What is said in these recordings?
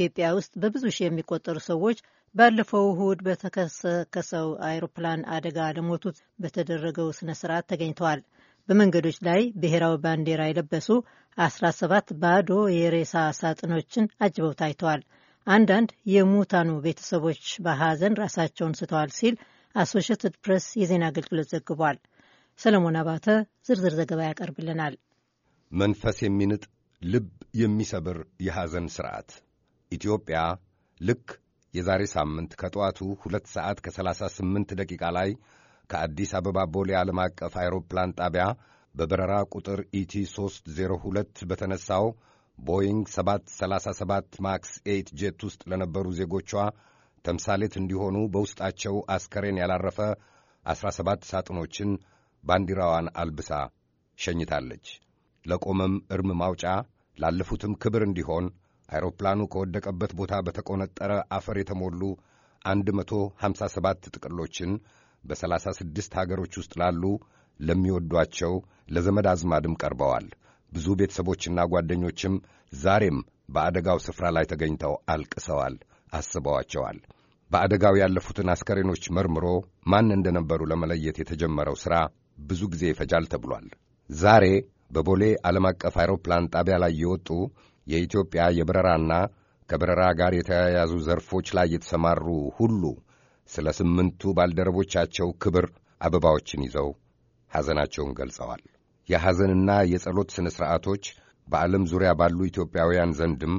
ኢትዮጵያ ውስጥ በብዙ ሺህ የሚቆጠሩ ሰዎች ባለፈው እሁድ በተከሰከሰው አይሮፕላን አደጋ ለሞቱት በተደረገው ስነ ስርዓት ተገኝተዋል። በመንገዶች ላይ ብሔራዊ ባንዲራ የለበሱ 17 ባዶ የሬሳ ሳጥኖችን አጅበው ታይተዋል። አንዳንድ የሙታኑ ቤተሰቦች በሐዘን ራሳቸውን ስተዋል ሲል አሶሽትድ ፕሬስ የዜና አገልግሎት ዘግቧል። ሰለሞን አባተ ዝርዝር ዘገባ ያቀርብልናል። መንፈስ የሚንጥ ልብ የሚሰብር የሐዘን ሥርዓት ኢትዮጵያ ልክ የዛሬ ሳምንት ከጠዋቱ ሁለት ሰዓት ከ38 ደቂቃ ላይ ከአዲስ አበባ ቦሌ ዓለም አቀፍ አይሮፕላን ጣቢያ በበረራ ቁጥር ኢቲ 302 በተነሳው ቦይንግ 737 ማክስ 8 ጄት ውስጥ ለነበሩ ዜጎቿ ተምሳሌት እንዲሆኑ በውስጣቸው አስከሬን ያላረፈ 17 ሳጥኖችን ባንዲራዋን አልብሳ ሸኝታለች። ለቆመም እርም ማውጫ ላለፉትም ክብር እንዲሆን አይሮፕላኑ ከወደቀበት ቦታ በተቆነጠረ አፈር የተሞሉ 157 ጥቅሎችን በ36 ሀገሮች ውስጥ ላሉ ለሚወዷቸው ለዘመድ አዝማድም ቀርበዋል። ብዙ ቤተሰቦችና ጓደኞችም ዛሬም በአደጋው ስፍራ ላይ ተገኝተው አልቅሰዋል፣ አስበዋቸዋል። በአደጋው ያለፉትን አስከሬኖች መርምሮ ማን እንደነበሩ ለመለየት የተጀመረው ሥራ ብዙ ጊዜ ይፈጃል ተብሏል። ዛሬ በቦሌ ዓለም አቀፍ አይሮፕላን ጣቢያ ላይ የወጡ የኢትዮጵያ የበረራና ከበረራ ጋር የተያያዙ ዘርፎች ላይ የተሰማሩ ሁሉ ስለ ስምንቱ ባልደረቦቻቸው ክብር አበባዎችን ይዘው ሐዘናቸውን ገልጸዋል። የሐዘንና የጸሎት ሥነ ሥርዓቶች በዓለም ዙሪያ ባሉ ኢትዮጵያውያን ዘንድም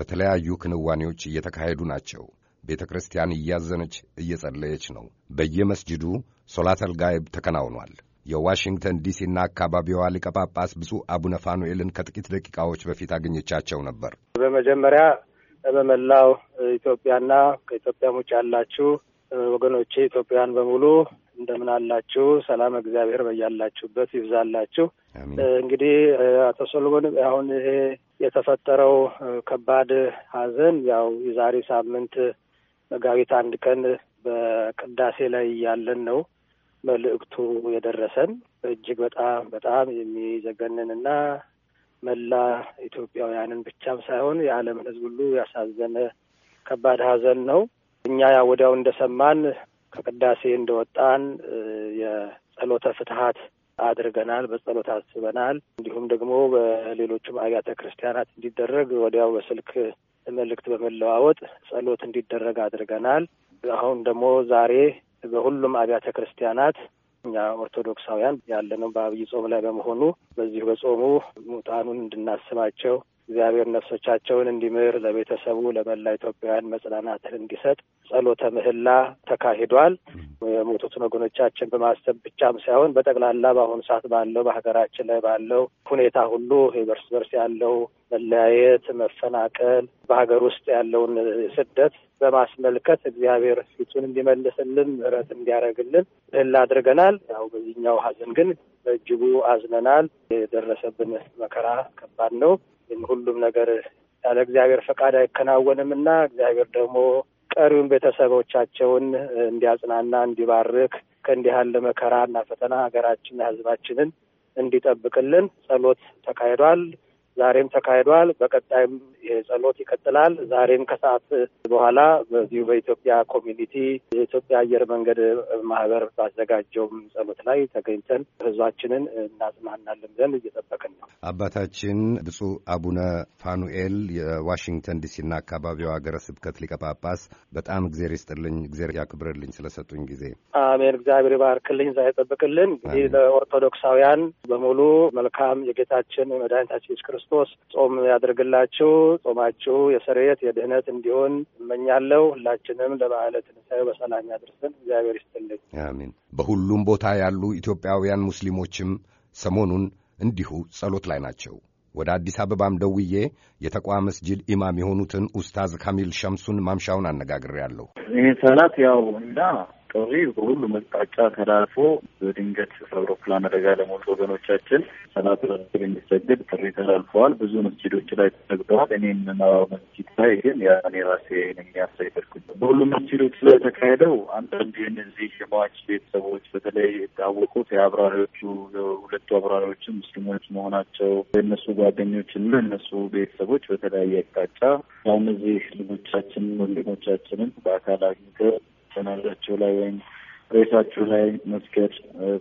በተለያዩ ክንዋኔዎች እየተካሄዱ ናቸው። ቤተ ክርስቲያን እያዘነች እየጸለየች ነው። በየመስጅዱ ሶላተል ጋይብ ተከናውኗል። የዋሽንግተን ዲሲና አካባቢዋ ሊቀ ጳጳስ ብፁዕ አቡነ ፋኑኤልን ከጥቂት ደቂቃዎች በፊት አግኝቻቸው ነበር። በመጀመሪያ በመላው ኢትዮጵያና ከኢትዮጵያ ውጭ ያላችሁ ወገኖቼ ኢትዮጵያውያን በሙሉ እንደምን አላችሁ? ሰላም እግዚአብሔር በያላችሁበት ይብዛላችሁ። እንግዲህ አቶ ሶሎሞን አሁን ይሄ የተፈጠረው ከባድ ሐዘን ያው የዛሬ ሳምንት መጋቢት አንድ ቀን በቅዳሴ ላይ ያለን ነው መልእክቱ የደረሰን እጅግ በጣም በጣም እና መላ ኢትዮጵያውያንን ብቻም ሳይሆን የዓለምን ሕዝብ ሁሉ ያሳዘነ ከባድ ሐዘን ነው። እኛ ያ ወዲያው እንደሰማን ከቅዳሴ እንደወጣን የጸሎተ ፍትሀት አድርገናል። በጸሎት አስበናል። እንዲሁም ደግሞ በሌሎቹም አብያተ ክርስቲያናት እንዲደረግ ወዲያው በስልክ መልእክት በመለዋወጥ ጸሎት እንዲደረግ አድርገናል። አሁን ደግሞ ዛሬ በሁሉም አብያተ ክርስቲያናት እኛ ኦርቶዶክሳውያን ያለነው በአብይ ጾም ላይ በመሆኑ በዚሁ በጾሙ ሙጣኑን እንድናስባቸው እግዚአብሔር ነፍሶቻቸውን እንዲምር ለቤተሰቡ ለመላ ኢትዮጵያውያን መጽናናትን እንዲሰጥ ጸሎተ ምህላ ተካሂዷል። የሞቱትን ወገኖቻችን በማሰብ ብቻም ሳይሆን በጠቅላላ በአሁኑ ሰዓት ባለው በሀገራችን ላይ ባለው ሁኔታ ሁሉ በርስ በርስ ያለው መለያየት፣ መፈናቀል፣ በሀገር ውስጥ ያለውን ስደት በማስመልከት እግዚአብሔር ፊቱን እንዲመልስልን ምሕረት እንዲያደርግልን እህል አድርገናል። ያው በዚህኛው ሀዘን ግን በእጅጉ አዝነናል። የደረሰብን መከራ ከባድ ነው። ሁሉም ነገር ያለ እግዚአብሔር ፈቃድ አይከናወንም እና እግዚአብሔር ደግሞ ቀሪውን ቤተሰቦቻቸውን እንዲያጽናና እንዲባርክ ከእንዲህ ያለ መከራና ፈተና ሀገራችንና ሕዝባችንን እንዲጠብቅልን ጸሎት ተካሂዷል። ዛሬም ተካሂዷል። በቀጣይም የጸሎት ይቀጥላል። ዛሬም ከሰዓት በኋላ በዚሁ በኢትዮጵያ ኮሚኒቲ የኢትዮጵያ አየር መንገድ ማህበር ባዘጋጀውም ጸሎት ላይ ተገኝተን ህዝባችንን እናጽናናለን ዘንድ እየጠበቅን ነው። አባታችን ብፁዕ አቡነ ፋኑኤል የዋሽንግተን ዲሲና አካባቢው ሀገረ ስብከት ሊቀ ጳጳስ በጣም እግዜር ይስጥልኝ፣ እግዜር ያክብርልኝ ስለሰጡኝ ጊዜ። አሜን። እግዚአብሔር ባርክልኝ፣ ዛ ይጠብቅልን። እንግዲህ ለኦርቶዶክሳውያን በሙሉ መልካም የጌታችን መድኃኒታችን ኢየሱስ ክርስቶስ ክርስቶስ ጾም ያደርግላችሁ። ጾማችሁ የስርየት የድህነት እንዲሆን እመኛለሁ። ሁላችንም ለበዓለ ትንሣኤው በሰላም ያድርሰን። እግዚአብሔር ይስጥልኝ። አሚን። በሁሉም ቦታ ያሉ ኢትዮጵያውያን ሙስሊሞችም ሰሞኑን እንዲሁ ጸሎት ላይ ናቸው። ወደ አዲስ አበባም ደውዬ የተቋ መስጂድ ኢማም የሆኑትን ኡስታዝ ካሚል ሸምሱን ማምሻውን አነጋግሬያለሁ። ይህ ሰላት ያው እና ጥሪ በሁሉም አቅጣጫ ተላልፎ በድንገት አውሮፕላን አደጋ ለሞቱ ወገኖቻችን ሰላት ለመስገድ እንዲሰግድ ጥሪ ተላልፈዋል። ብዙ መስጂዶች ላይ ተሰግደዋል። እኔ የምመራው መስጂድ ላይ ግን ያኔ ራሴ የሚያሳይደርኩኝ በሁሉም መስጂዶች ላይ ተካሄደው አንዳንድ እነዚህ የሟች ቤተሰቦች በተለይ የታወቁት የአብራሪዎቹ ሁለቱ አብራሪዎቹ ሙስሊሞች መሆናቸው የእነሱ ጓደኞች እና እነሱ ቤተሰቦች በተለያየ አቅጣጫ አሁን እዚህ ልጆቻችንን ወንድሞቻችንን በአካል አግኝተው ሰናዳቸው ላይ ወይም ሬሳቸው ላይ መስገድ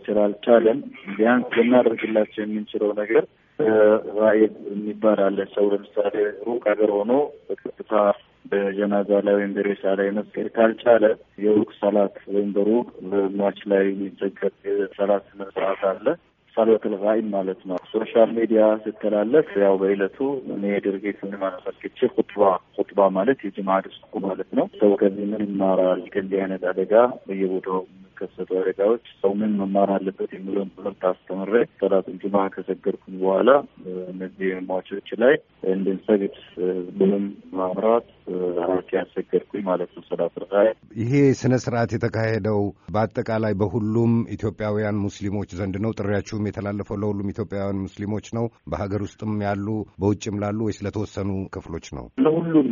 ስላልቻለን ቢያንስ ልናደርግላቸው የምንችለው ነገር ራኤድ የሚባል አለ። ሰው ለምሳሌ ሩቅ ሀገር ሆኖ በቀጥታ በጀናዛ ላይ ወይም በሬሳ ላይ መስገድ ካልቻለ የሩቅ ሰላት ወይም በሩቅ ማች ላይ የሚሰገድ ሰላት ስነ አለ። ጸሎት ራእይ ማለት ነው። ሶሻል ሚዲያ ስተላለፍ ያው በእለቱ እኔ ድርጊት ምን ማነሳክቼ ቁጥባ ቁጥባ ማለት የጅማ ድስቁ ማለት ነው። ሰው ከዚህ ምን ይማራል? ከዚህ አይነት አደጋ በየቦታው በሚከሰቱ አደጋዎች ሰው ምን መማር አለበት የሚለውን ትምህርት አስተምሬ ሰላቱን ጁማ ከሰገድኩኝ በኋላ እነዚህ ሟቾች ላይ እንድንሰግድ ብሎም ማምራት ራት ያሰገድኩኝ ማለት ነው። ሰላት ረቃይ ይሄ ስነ ስርዓት የተካሄደው በአጠቃላይ በሁሉም ኢትዮጵያውያን ሙስሊሞች ዘንድ ነው። ጥሪያችሁም የተላለፈው ለሁሉም ኢትዮጵያውያን ሙስሊሞች ነው። በሀገር ውስጥም ያሉ በውጭም ላሉ ወይስ ለተወሰኑ ክፍሎች ነው? ለሁሉም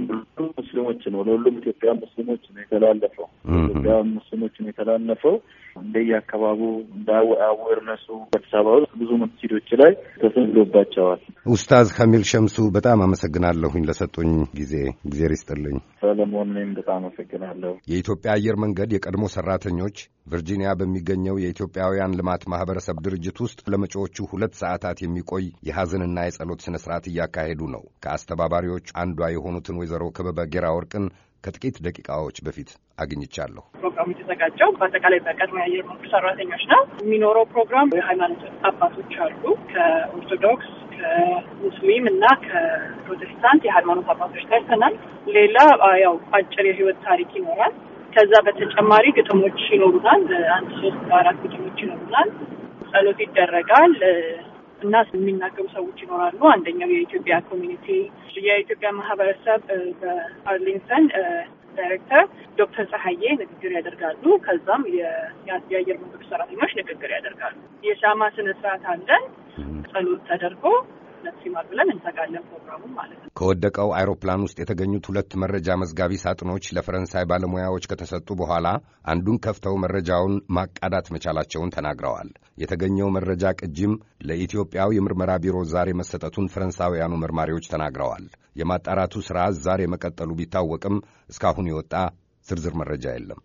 ሙስሊሞች ነው ለሁሉም ኢትዮጵያ ሙስሊሞች ነው የተላለፈው። ኢትዮጵያ ሙስሊሞች ነው የተላለፈው እንደየ አካባቡ እንደ አዌርነሱ አዲስ አበባ ውስጥ ብዙ መስጂዶች ላይ ተሰግዶባቸዋል። ኡስታዝ ከሚል ሸምሱ በጣም አመሰግናለሁኝ ለሰጡኝ ጊዜ እግዜር ይስጥልኝ። ሰለሞን እኔም በጣም አመሰግናለሁ። የኢትዮጵያ አየር መንገድ የቀድሞ ሰራተኞች ቨርጂኒያ በሚገኘው የኢትዮጵያውያን ልማት ማህበረሰብ ድርጅት ውስጥ ለመጪዎቹ ሁለት ሰዓታት የሚቆይ የሐዘንና የጸሎት ስነ ስርዓት እያካሄዱ ነው። ከአስተባባሪዎች አንዷ የሆኑትን ወይዘሮ ክበበ ጌራ ወርቅን ከጥቂት ደቂቃዎች በፊት አግኝቻለሁ። ፕሮግራሙ የተዘጋጀው በአጠቃላይ በቀድሞ የአየር መንገድ ሰራተኞች ነው። የሚኖረው ፕሮግራም የሃይማኖት አባቶች አሉ ከኦርቶዶክስ ከሙስሊም እና ከፕሮቴስታንት የሃይማኖት አባቶች ታይተናል። ሌላ ያው አጭር የህይወት ታሪክ ይኖራል። ከዛ በተጨማሪ ግጥሞች ይኖሩናል። አንድ ሶስት አራት ግጥሞች ይኖሩናል። ጸሎት ይደረጋል። እና የሚናገሩ ሰዎች ይኖራሉ። አንደኛው የኢትዮጵያ ኮሚኒቲ የኢትዮጵያ ማህበረሰብ በአርሊንግተን ዳይሬክተር ዶክተር ፀሐዬ ንግግር ያደርጋሉ። ከዛም የአየር መንገዱ ሰራተኞች ንግግር ያደርጋሉ። የሻማ ስነ ስርዓት አለን። ጸሎት ተደርጎ ይደርሲማል ብለን እንተጋለን ፕሮግራሙን ማለት ነው። ከወደቀው አይሮፕላን ውስጥ የተገኙት ሁለት መረጃ መዝጋቢ ሳጥኖች ለፈረንሳይ ባለሙያዎች ከተሰጡ በኋላ አንዱን ከፍተው መረጃውን ማቃዳት መቻላቸውን ተናግረዋል። የተገኘው መረጃ ቅጂም ለኢትዮጵያው የምርመራ ቢሮ ዛሬ መሰጠቱን ፈረንሳውያኑ መርማሪዎች ተናግረዋል። የማጣራቱ ሥራ ዛሬ መቀጠሉ ቢታወቅም እስካሁን የወጣ ዝርዝር መረጃ የለም።